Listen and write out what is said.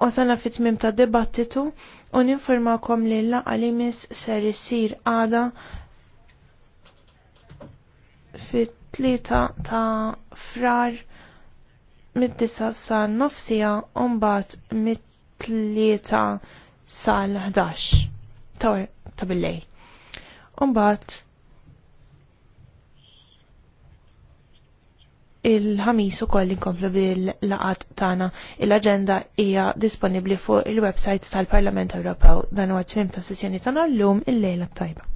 Osana fit-tmim ta' dibattitu u ninformakom li l-laqa li mis ser isir għada fit-tlieta ta' frar mid-disa sa' nofsija u mbagħad mit sa' sal-11 ta' billej. bil-lejl. il-ħamis ukoll inkomplu bil-laqat tagħna. Il-aġenda hija disponibbli fuq il-website tal-Parlament Ewropew. Dan huwa tmim ta' sessjoni tagħna llum il-lejla tajba.